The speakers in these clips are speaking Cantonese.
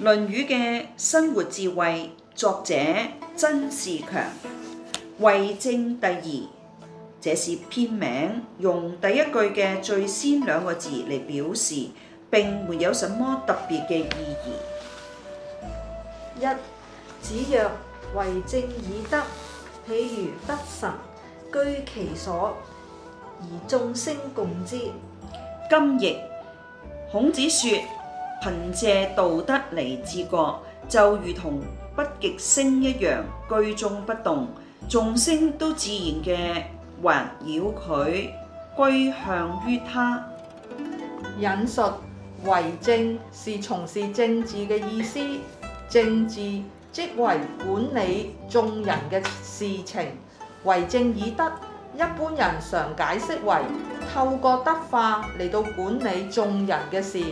《論語》嘅生活智慧，作者曾仕強。為政第二，這是篇名，用第一句嘅最先兩個字嚟表示，並沒有什麼特別嘅意義。一子曰：為政以德，譬如北辰，居其所而眾星共之。今亦孔子說。憑借道德嚟治國，就如同北極星一樣居中不動，眾星都自然嘅環繞佢，歸向於他。引述為政是從事政治嘅意思，政治即為管理眾人嘅事情。為政以德，一般人常解釋為透過德化嚟到管理眾人嘅事。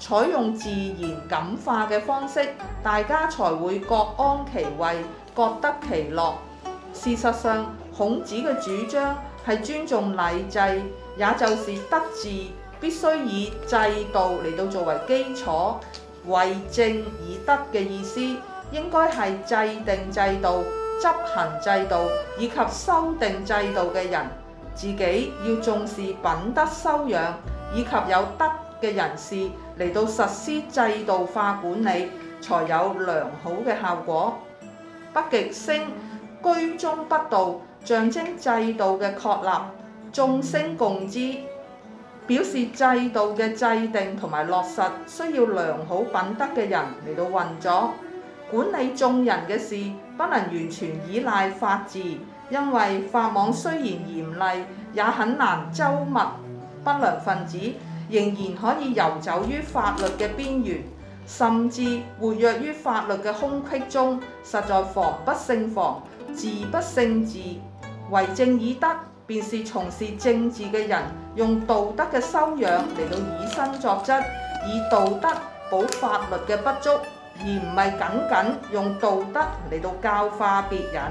採用自然感化嘅方式，大家才會各安其位，各得其樂。事實上，孔子嘅主張係尊重禮制，也就是德治，必須以制度嚟到作為基礎，為政以德嘅意思應該係制定制度、執行制度以及修訂制度嘅人，自己要重視品德修養以及有德嘅人士。嚟到實施制度化管理，才有良好嘅效果。北極星居中不倒，象徵制度嘅確立；眾星共之，表示制度嘅制定同埋落實需要良好品德嘅人嚟到運作管理眾人嘅事，不能完全依賴法治，因為法網雖然嚴厲，也很難周密不良分子。仍然可以游走於法律嘅邊緣，甚至活躍於法律嘅空隙中，實在防不勝防，治不勝治。為政以德，便是從事政治嘅人用道德嘅修養嚟到以身作則，以道德補法律嘅不足，而唔係僅僅用道德嚟到教化別人。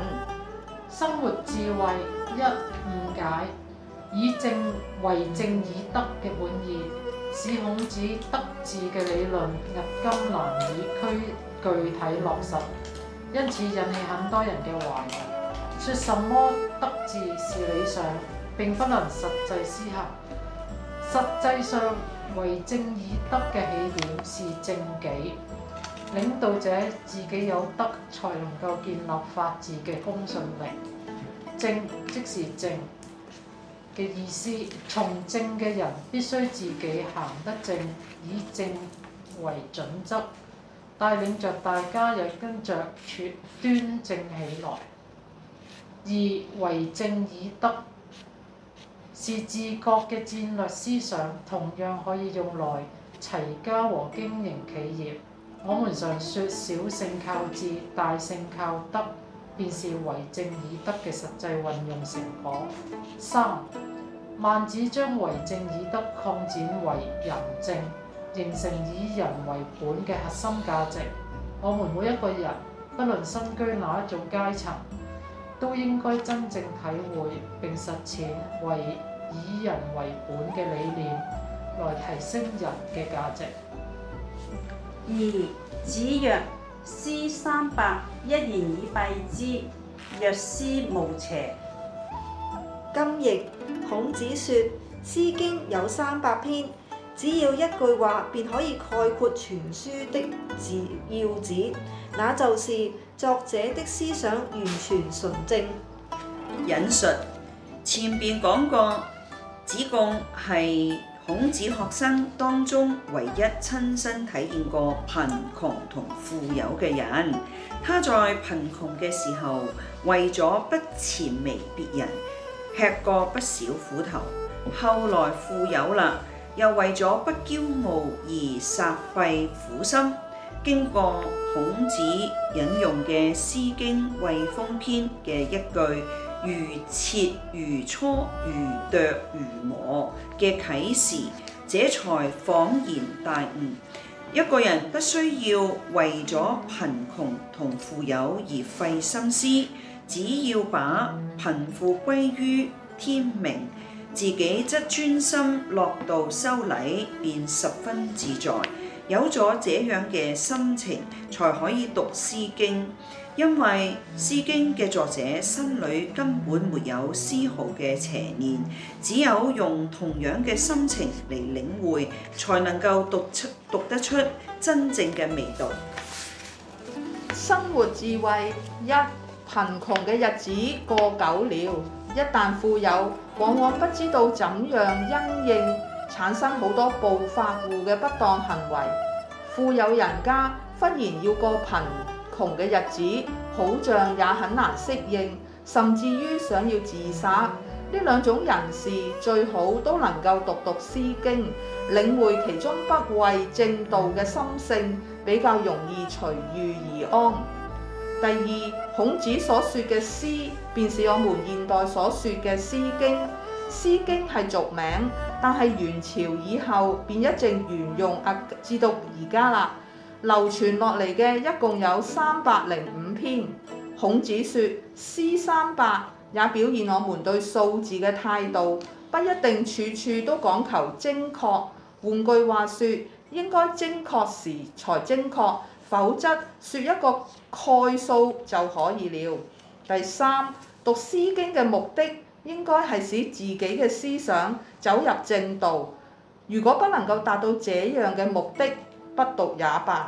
生活智慧，一、誤解。以正為正以德嘅本意，使孔子德治嘅理論，入今難以區具體落實，因此引起很多人嘅懷疑，說什麼德治是理想，並不能實際思考。實際上為正以德嘅起點是正己，領導者自己有德，才能夠建立法治嘅公信力。正即是正。嘅意思，從政嘅人必須自己行得正，以正為準則，帶領着大家，也跟着端正起來。而為政以德，是治國嘅戰略思想，同樣可以用來齊家和經營企業。我們常說小勝靠智，大勝靠德。便是為政以德嘅實際運用成果。三，孟子將為政以德擴展為仁政，形成以人為本嘅核心價值。我們每一個人不論身居哪一種階層，都應該真正體會並實踐為以人為本嘅理念，來提升人嘅價值。二，子曰：詩三百。一言以蔽之，若思無邪。今譯孔子說《詩經》有三百篇，只要一句話便可以概括全書的字要旨，那就是作者的思想完全純正。引述前邊講過，子貢係。孔子學生當中唯一親身體驗過貧窮同富有嘅人，他在貧窮嘅時候，為咗不諂媚別人，吃過不少苦頭；後來富有啦，又為咗不驕傲而煞費苦心。經過孔子引用嘅《詩經衛風篇》嘅一句「如切如磋，如琢如磨」嘅啟示，這才恍然大悟。一個人不需要為咗貧窮同富有而費心思，只要把貧富歸於天命，自己則專心樂道修禮，便十分自在。有咗這樣嘅心情，才可以讀《詩經》，因為《詩經》嘅作者心裏根本沒有絲毫嘅邪念，只有用同樣嘅心情嚟領會，才能夠讀出讀得出真正嘅味道。生活智慧：一、貧窮嘅日子過久了，一旦富有，往往不知道怎樣因應。產生好多暴發戶嘅不當行為，富有人家忽然要過貧窮嘅日子，好像也很難適應，甚至於想要自殺。呢兩種人士最好都能夠讀讀《詩經》，領會其中不違正道嘅心性，比較容易隨遇而安。第二，孔子所說嘅《詩》便是我們現代所說嘅《詩經》，《詩經》係俗名。但係元朝以後便一直沿用啊，至到而家啦，流傳落嚟嘅一共有三百零五篇。孔子說《詩》三百，也表現我們對數字嘅態度，不一定處處都講求精確。換句話說，應該精確時才精確，否則説一個概數就可以了。第三，讀《詩經》嘅目的。應該係使自己嘅思想走入正道。如果不能夠達到這樣嘅目的，不讀也罷。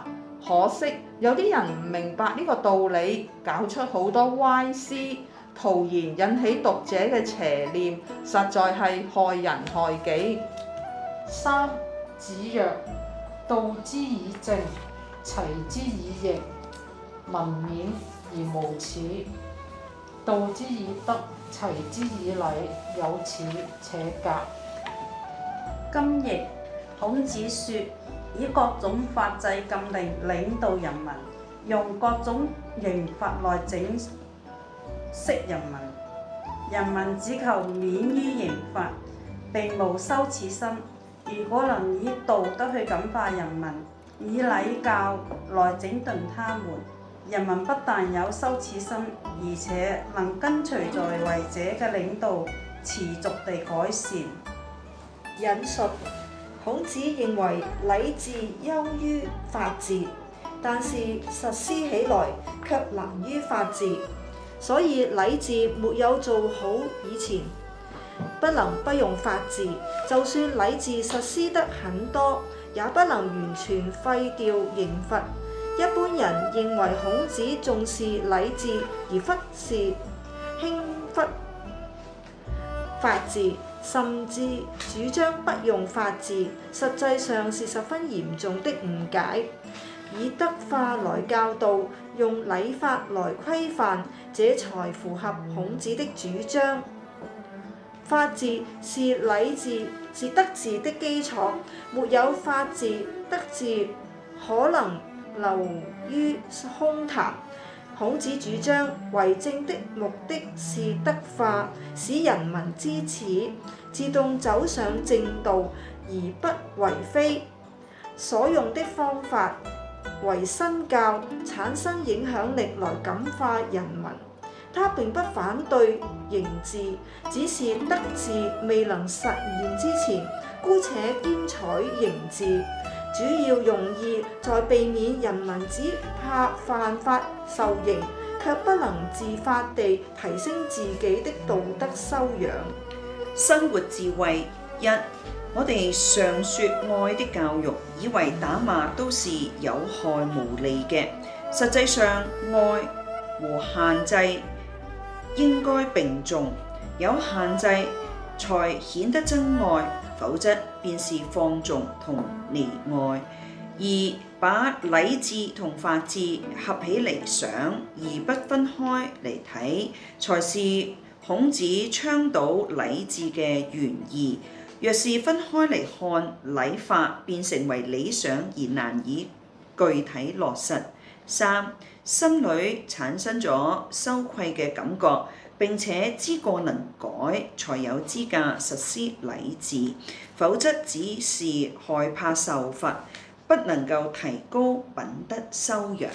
可惜有啲人唔明白呢個道理，搞出好多歪思。徒然引起讀者嘅邪念，實在係害人害己。三子曰：道之以政，齊之以刑，民免而無恥；道之以德，齊之以禮，有恥且格。今譯孔子說：以各種法制禁令領導人民，用各種刑罰來整飾人民。人民只求免於刑罰，並無羞恥心。如果能以道德去感化人民，以禮教來整頓他們。人民不但有羞恥心，而且能跟隨在位者嘅領導持續地改善。引述孔子認為禮治優於法治，但是實施起來卻難於法治，所以禮治沒有做好以前，不能不用法治。就算禮治實施得很多，也不能完全廢掉刑罰。一般人認為孔子重視禮治而忽視輕忽法治，甚至主張不用法治，實際上是十分嚴重的誤解。以德化來教導，用禮法來規範，這才符合孔子的主張。法治是禮治，是德治的基礎，沒有法治，德治可能流於空談。孔子主張為政的目的是德化，使人民支持，自動走上正道而不為非。所用的方法為身教，產生影響力來感化人民。他並不反對刑治，只是德治未能實現之前，姑且兼採刑治。主要用意在避免人民只怕犯法受刑，卻不能自發地提升自己的道德修養。生活智慧一，我哋常說愛的教育，以為打罵都是有害無利嘅。實際上，愛和限制應該並重，有限制才顯得真愛。否則，便是放縱同溺愛；二，把禮治同法治合起嚟想，而不分開嚟睇，才是孔子倡導禮治嘅原意。若是分開嚟看禮法，便成為理想而難以具體落實。三、心裏產生咗羞愧嘅感覺。並且知過能改，才有資格實施禮治；否則只是害怕受罰，不能夠提高品德修養。